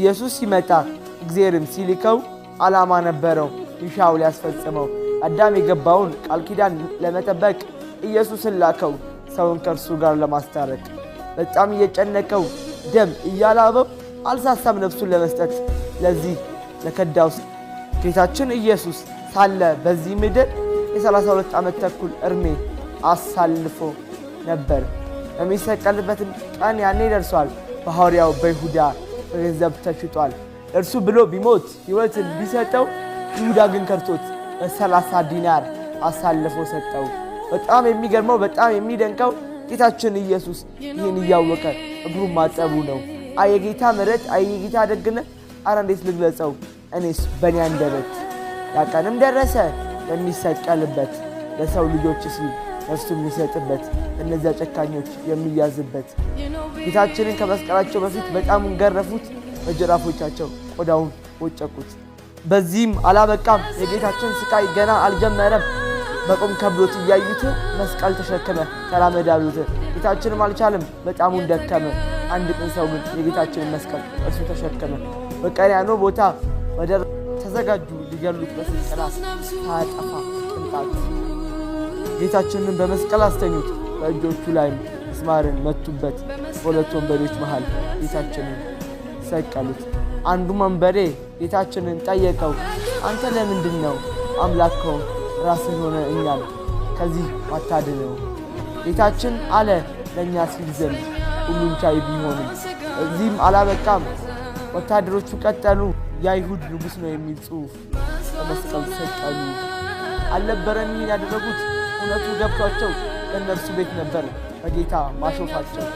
ኢየሱስ ሲመጣ እግዚአብሔርም ሲልከው ዓላማ ነበረው ይሻው ሊያስፈጽመው። አዳም የገባውን ቃል ኪዳን ለመጠበቅ ኢየሱስን ላከው ሰውን ከእርሱ ጋር ለማስታረቅ። በጣም እየጨነቀው ደም እያላበው አልሳሳም ነፍሱን ለመስጠት ለዚህ ለከዳው ጌታችን ኢየሱስ ሳለ በዚህ ምድር የ32 ዓመት ተኩል እርሜ አሳልፎ ነበር። በሚሰቀልበትም ቀን ያኔ ደርሷል። በሐዋርያው በይሁዳ በገንዘብ ተሽጧል። እርሱ ብሎ ቢሞት ሕይወትን ቢሰጠው ይሁዳ ግን ከርቶት በሰላሳ ዲናር አሳልፎ ሰጠው። በጣም የሚገርመው በጣም የሚደንቀው ጌታችን ኢየሱስ ይህን እያወቀ እግሩን ማጠቡ ነው። አይ የጌታ ምሕረት፣ አይ የጌታ ደግነት፣ አረ እንዴት ልግለጸው እኔስ በእኔ አንደበት። ያ ቀንም ደረሰ የሚሰቀልበት ለሰው ልጆች ሲል ነፍሱ የሚሰጥበት እነዚያ ጨካኞች የሚያዝበት ጌታችንን ከመስቀላቸው በፊት በጫሙን ገረፉት፣ በጅራፎቻቸው ቆዳውን ወጨቁት። በዚህም አላበቃም። የጌታችን ስቃይ ገና አልጀመረም። በቁም ከብሎት እያዩት መስቀል ተሸከመ፣ ተራመደ አሉት። ጌታችንም አልቻለም፣ በጣሙን ደከመ። አንድ ቅን ሰው ግን የጌታችንን መስቀል እርሱ ተሸከመ። በቀራንዮ ቦታ መደር ተዘጋጁ ሊገሉት በስንቅላት ታጠፋ ቅንጣት ጌታችንን በመስቀል አስተኙት፣ በእጆቹ ላይም ምስማርን መቱበት። በሁለት ወንበዴዎች መሃል ጌታችንን ሰቀሉት። አንዱ ወንበዴ ጌታችንን ጠየቀው፣ አንተ ለምንድን ነው አምላክከው ራስን ሆነ እኛን ከዚህ አታድነው? ጌታችን አለ ለእኛ ሲል ዘንድ ሁሉን ቻይ ቢሆንም እዚህም አላበቃም። ወታደሮቹ ቀጠሉ። የአይሁድ ንጉሥ ነው የሚል ጽሑፍ በመስቀል ሰቀሉ። አልነበረም ይህን ያደረጉት እውነቱ ገብቷቸው በእነርሱ ቤት ነበር በጌታ ማሾፋቸው።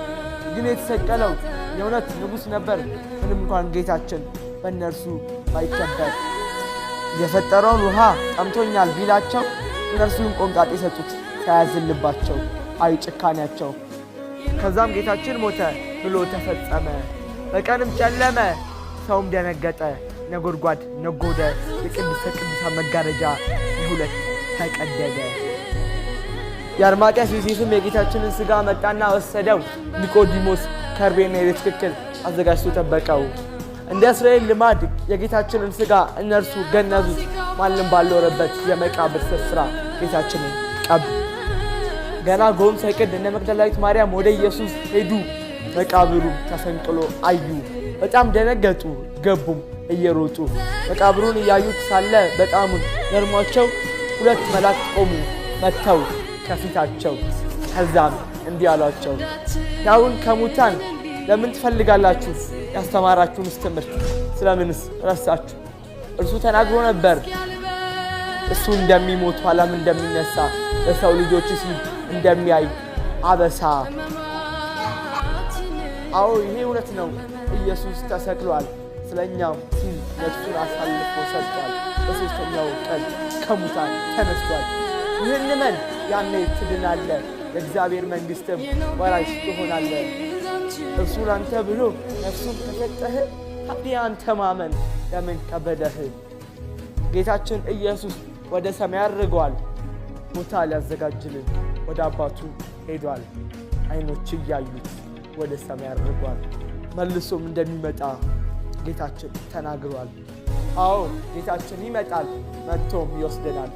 ግን የተሰቀለው የእውነት ንጉሥ ነበር። ምንም እንኳን ጌታችን በእነርሱ ባይከበር የፈጠረውን ውሃ ጠምቶኛል ቢላቸው እነርሱን ቆምጣጤ ሰጡት ሳያዝንባቸው። አይ ጭካኔያቸው! ከዛም ጌታችን ሞተ ብሎ ተፈጸመ። በቀንም ጨለመ፣ ሰውም ደነገጠ። ነጎድጓድ ነጎደ፣ የቅድስተ ቅዱሳን መጋረጃ የሁለት ተቀደደ። የአርማጥያስ ዮሴፍም የጌታችንን ስጋ መጣና ወሰደው። ኒቆዲሞስ ከርቤና የቤት ትክክል አዘጋጅቶ ጠበቀው። እንደ እስራኤል ልማድ የጌታችንን ስጋ እነርሱ ገነዙት። ማንም ባልኖረበት የመቃብር ስፍራ ጌታችንን ቀብ ገና ጎም ሳይቀድ እነ መግደላዊት ማርያም ወደ ኢየሱስ ሄዱ። መቃብሩ ተሰንቅሎ አዩ። በጣም ደነገጡ። ገቡም እየሮጡ መቃብሩን እያዩት ሳለ በጣሙን ገርሟቸው ሁለት መላእክት ቆሙ መጥተው ከፊታቸው። ከዛም እንዲህ አሏቸው፣ ሕያውን ከሙታን ለምን ትፈልጋላችሁ? ያስተማራችሁንስ ትምህርት ስለምንስ ረሳችሁ? እርሱ ተናግሮ ነበር እሱ እንደሚሞት ኋላም እንደሚነሳ በሰው ልጆች ፊት እንደሚያይ አበሳ። አዎ ይሄ እውነት ነው። ኢየሱስ ተሰቅሏል፣ እኛም ሲል ነፍሱን አሳልፎ ሰጥቷል። በሦስተኛው ቀን ከሙታን ተነስቷል። ይህን መን ያኔ ትድናለ፣ የእግዚአብሔር መንግሥትም ወራሽ ትሆናለ። እርሱ ላንተ ብሎ ነፍሱን ከሰጠህ ኃጢያን ተማመን ለምን ከበደህ? ጌታችን ኢየሱስ ወደ ሰማይ አድርገዋል፣ ቦታ ሊያዘጋጅልን ወደ አባቱ ሄዷል። አይኖች እያዩት ወደ ሰማይ አድርጓል። መልሶም እንደሚመጣ ጌታችን ተናግሯል። አዎ ጌታችን ይመጣል፣ መጥቶም ይወስደናል።